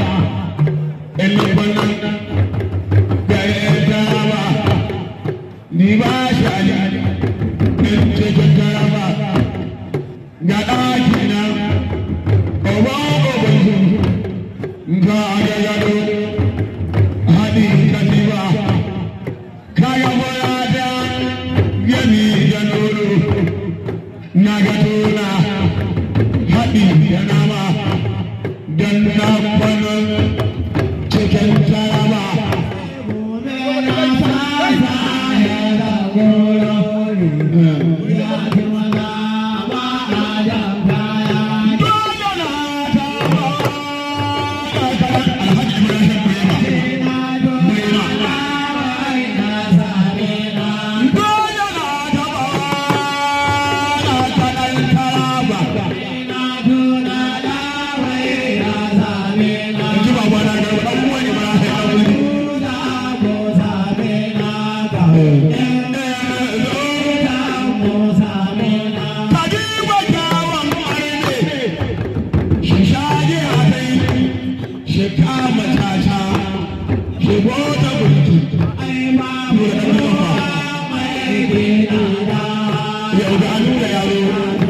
Yeah. Yeah, we got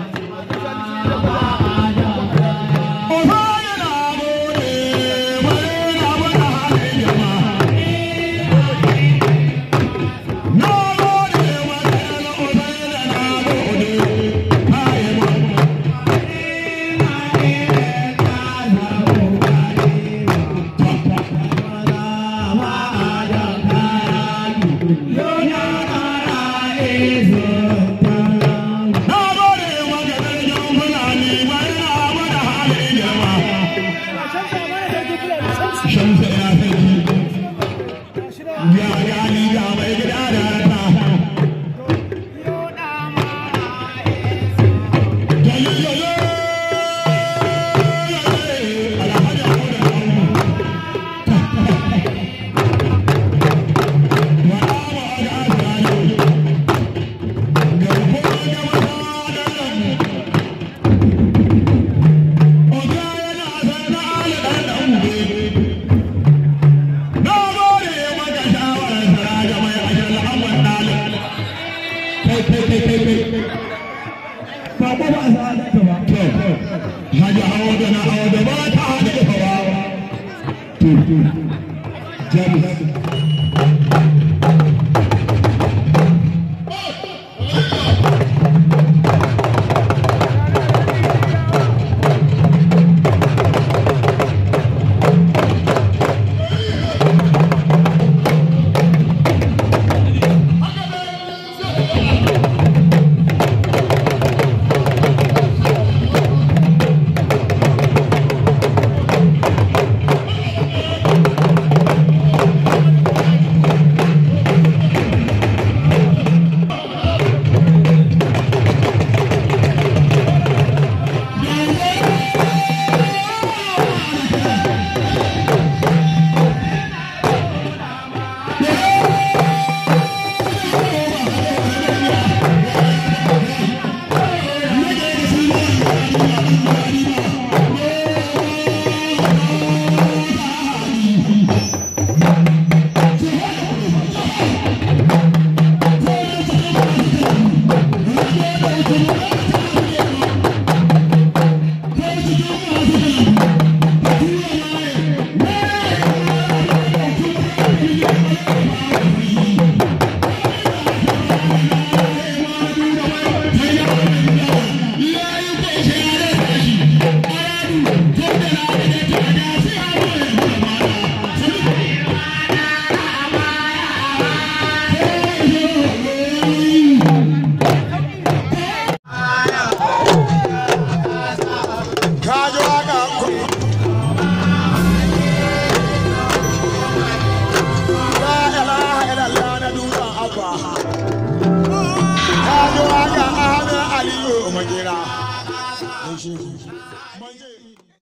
Amen.